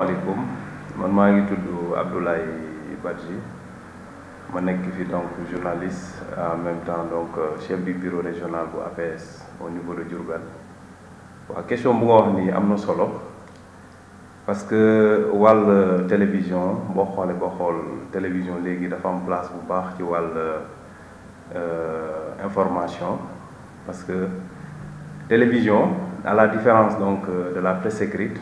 maaleykum man maa ngi tudd Abdoulaye Badji ma nekk fi donc journaliste en même temps donc euh, chef du bureau régional bu APS au niveau de Diourbel waaw question bu nga wax nii am na solo parce que wàll télévision boo xoolee boo xool télévision léegi dafa am place bu baax ci wàll euh, information parce que télévision à la différence donc euh, de la presse écrite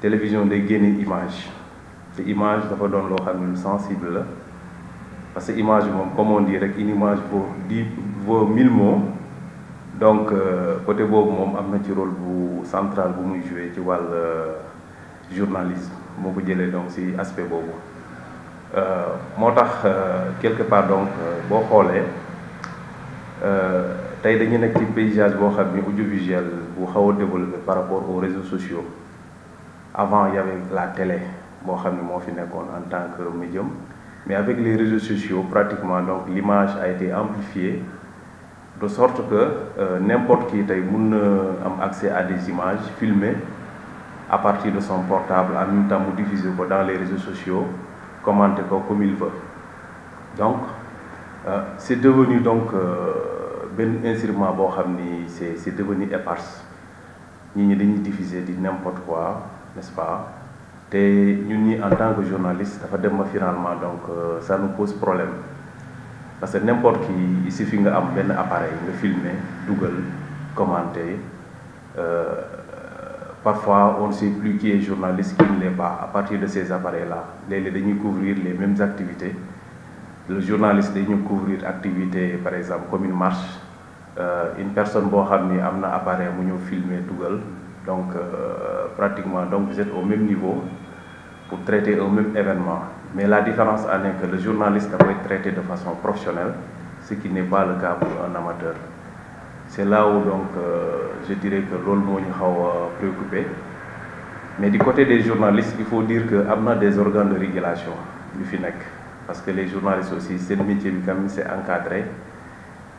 télévision day génne image te image dafa doon loo xam ne lu sensible la parce que image bi moom comme on rek une image di dix vaut mille mots donc euh, côté boobu moom am na ci rôle bu central bu muy joué ci wàll euh, journalisme moo ko jëlee donc si aspect boobu euh, moo tax quelque part donc boo xoolee tey dañu nekk ci paysage boo xam ni audiovisuel bu xaw a par rapport aux réseaux sociaux avant il y avait la télé boo xam ne moo fi nekkoon en tant que médium mais avec les réseaux sociaux pratiquement donc l'image a été amplifiée de sorte que euh, n'importe qui tey mun na am accès à des images filmées à partir de son portable en même temps mu diffuser ko dans les réseaux sociaux commenter ko comme il veut donc euh, c'est donc euh, benn instrument boo xam ni c'est c'est devenu éparse nit ñi dañuy diffuser di n'importe quoi n'est-ce pas te ñun ñi en tant que journaliste dafa dem ba finalement donc euh, ça nous pose problème parce que n'importe qui il suffit nga am benn appareil nga filmer dugal commenter euh, parfois on ne sait plus qui journaliste qui ne l'est pas à partir de ces appareils là léeg-léeg dañuy couvrir les mêmes activités le journaliste dañu couvrir activité par exemple comme marche euh, une personne boo xam ni am na appareil mu ñëw filmer dugal donc euh, pratiquement donc vous au même niveau pour traiter un même événement mais la différence en est que le journaliste dafay traiter de façon professionnelle ce qui n'est pas le cas un amateur c'est là où donc euh, je dirais que loolu moo ñu xaw a préoccupé mais du côté des journalistes il faut dire que am na des organes de régulation yu fi nekk parce que les journalistes aussi seen métier bi quand même c'est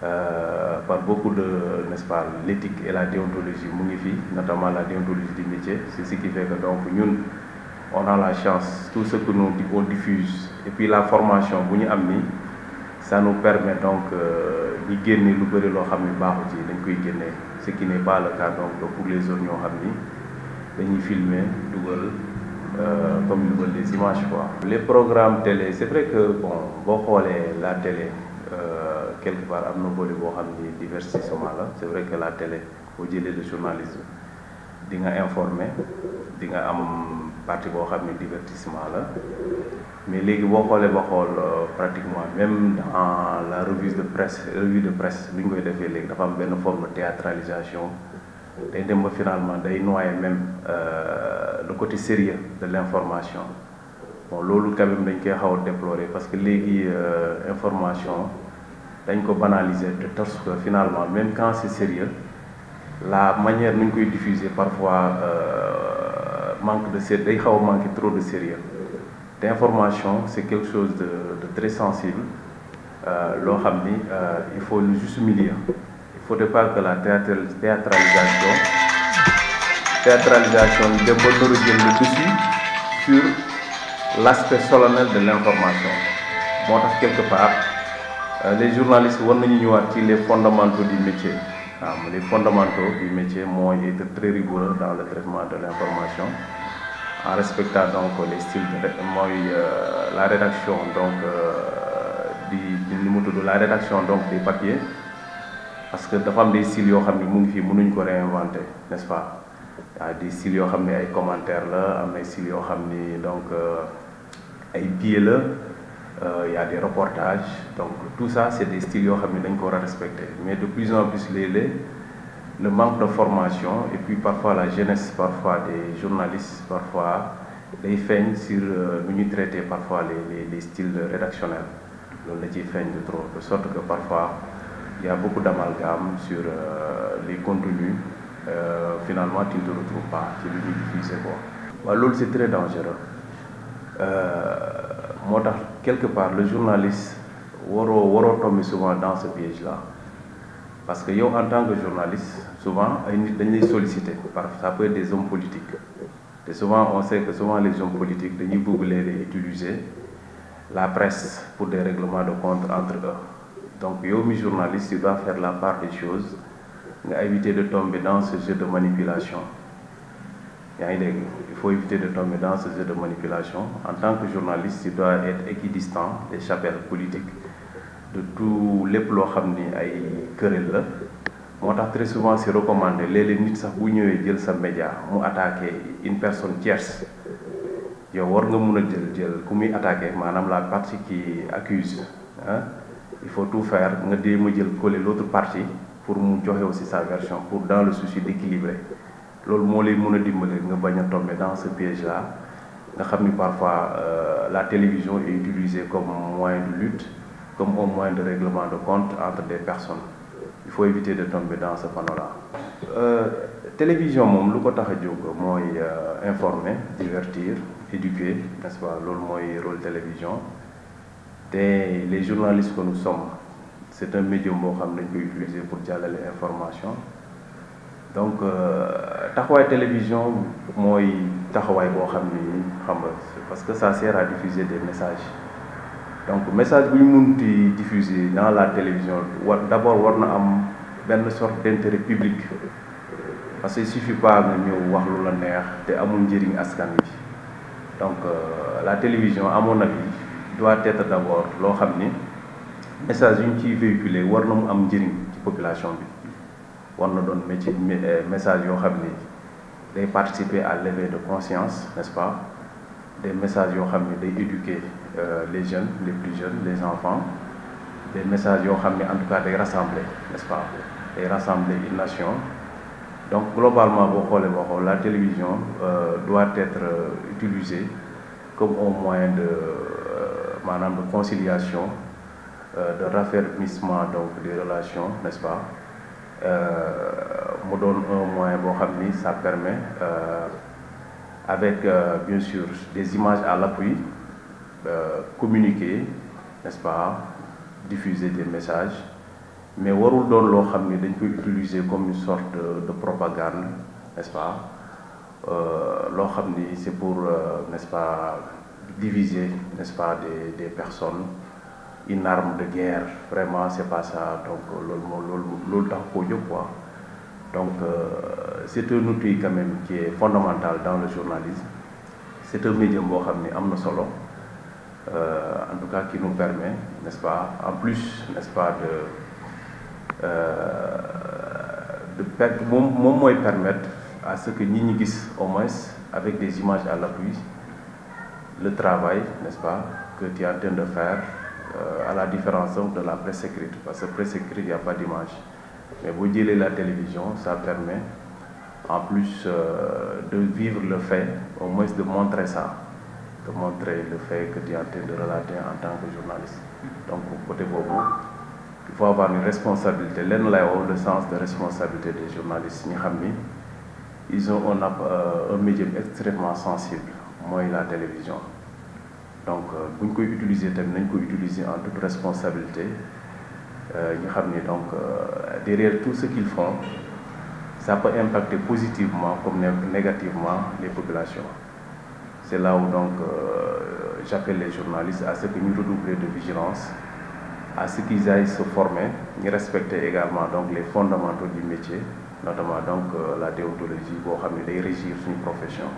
euh, par beaucoup de n'est-ce l'éthique et la déontologie mu ngi fii notamment la déontologie du métier c'est ce qui fait que donc ñun on a la chance tout ce que nous on diffuse et puis la formation bu ñu am nii ça nous permet donc ñu euh, génne lu bëri loo xam ni baaxu ci dañ koy génnee ce qui n'est pas le cas donc pour les zones ñoo xam ni dañuy filmer dugal euh, comme dugal les images quoi. les programmes télé c'est vrai que bon boo xoolee la télé. Euh, quelque part am na boole boo xam ni divertissement la c'est vrai que la télé boo jëlee le journalisme di nga informer di nga am partie boo xam ni divertissement la mais léegi boo xoolee ba xool euh, pratiquement même dans la revue de presse revue de presse bi ñu koy defee léegi dafa am benn forme de théâtralisation day dem ba finalement day noyer même euh, le côté sérieux de l'information bon loolu quand dañ koy xaw a déplorer parce que léegi euh, information dañ ko banaliser te parce que finalement même quand c'est sérieux la manière nu ñu koy diffuser parfois euh, manque de sérieux day xaw a manqué trop de sérieux d'information c'est quelque chose de de très sensible euh, loo xam ni euh, il faut le juste milieu il faut de pas que la théâtralisation théâtralisation dem ba nar a jël le sur l'aspect solennel de l'information moo tax quelque part Euh, les journalistes war nañu ñëwaat ci les fondamentaux du métier waaw les fondamentaux du métier mooy être très rigoureux dans le traitement de l'information en respectant donc les styles mooy euh, la rédaction donc euh, di ni mu tudd la rédaction donc des papiers parce que dafa am des styles yoo xam ne mu ngi fii mënuñ ko réinventer n'est-ce pas waaw des styles yoo xam ne ay commentaires la am na styles yoo xam ni donc ay biais la. Euh, y a des reportages donc tout ça c'est des styles yoo xam ne dañ ko war a respecter mais de plus en plus léeg-léeg le manque de formation et puis parfois la jeunesse parfois des journalistes parfois day feeñ sur lu euh, ñu traiter parfois les les les styles rédactionnels la ciy feeñ de trop de sorte que parfois il y a beaucoup d'amalgame sur euh, les contenus euh, finalement tu ne te retrouves pas ci lu ñuy diffuser quoi. waaw loolu c'est très dangereux euh, moo tax. quelque part le journaliste waroo waroo tomber souvent dans ce piège là parce que yow en tant que journaliste souvent ay nit dañ lay solliciter par ça peut être des hommes politiques te souvent on sait que souvent les hommes politiques dañuy bëgg leen utiliser la presse pour des règlements de compte entre eux donc yow mi journaliste tu dois faire la part des choses nga éviter de tomber dans ce jeu de manipulation yaa ngi dégg il faut éviter de tomber dans ce jeu de manipulation en tant que journaliste il doit être équidistant des chapelles politiques de tout lépp loo xam ni ay querelle la moo tax très souvent si recommandé léeg-léeg nit sax bu ñëwee jël sa média mu attaqué une personne tierce yow war nga mun a jël jël ku muy attaqué maanaam la partie qui accuse ah il faut tout faire nga dee ma jël coller l'autre partie pour mu joxe aussi sa version pour dans le souci d'équilibrer loolu moo lay mën a dimbale nga bañ a tomber dans ce piège là nga xam ni parfois euh, la télévision est utilisée comme moyen de lutte comme un moyen de règlement de compte entre des personnes il faut éviter de tomber dans ce panneau-là. Euh, télévision moom lu ko tax a jóg mooy euh, informer divertir éduquer n'est-ce pas loolu mooy role télévision te les journalistes que nous sommes c'est un médium boo xam ne dañ koy utiliser pour jàllale information donc. Euh, taxawaay télévision mooy taxawaay boo xam ni xam nga parce que ça sert à diffuser des messages donc message bu ñu ti diffuser dans la télévision war d'abord war na am benn sorte d'intérêt public parce que il suffit pas nga ñëw wax lu la neex te amul njëriñ askan bi donc euh, la télévision amoon mon avis doit être d'abord loo xam ni message yu ñu ciy véhiculer war na mu am njëriñ ci population bi war na doon métier euh, message yoo xam ni day participer à l'éveil de conscience n'est-ce pas des messages yoo xam ni day éduquer euh, les jeunes les plus jeunes les enfants des messages yoo xam ni en tout cas day rassembler n'est-ce pas day rassembler une nation donc globalement boo xoolee boo xool la télévision euh, doit être euh, utilisée comme un moyen de euh, maanaam de conciliation euh, de raffermissement donc des relations n'est-ce pas Euh, mu doon un moyen boo xam ni ça permet euh, avec euh, bien sûr des images à la l'appui communiquer n'est-ce pas diffuser des messages mais warul doon loo xam ni dañ koy utiliser comme une sorte de propagande n'est-ce pas loo xam ni c'est pour n'est-ce pas diviser n'est-ce pas des des personnes une arme de guerre vraiment c'est pas ça donc loolu moo loolu tax koo jóg quoi donc euh, c'est un outil quand même qui est fondamental dans le journalisme c'est un médium boo xam ni am na solo euh, en tout cas qui nous permet nest pas en plus n'est-ce pas de euh, de per moom moom mooy permettre à ce que ñi ñi gis au moins avec des images à plus le travail nest pas que tu en train de faire Euh, à la différence de la presse écrite parce que presse écrite y a pas d'image mais boo jëlee la télévision ça permet en plus euh, de vivre le fait au moins de montrer ça de montrer le fait que tu de relater en tant que journaliste donc côté boobu il faut avoir une responsabilité lenn lay woo le sens de responsabilité des journalistes ñi xam ni ils ont un, euh, un médium extrêmement sensible mooy la télévision donc euh, bu ñu koy utiliser tamit nañ ko utiliser en toute responsabilité euh, ñu xam ni donc euh, derrière tout ce qu'ils font ça peut impacter positivement comme négativement les populations c'est là où donc euh, j'appelle les journalistes à ce que ñu redoubler de vigilance à ce qu'ils aillent se former ñu respecter également donc les fondamentaux du métier notamment donc euh, la déontologie boo xam ne day régir suñu profession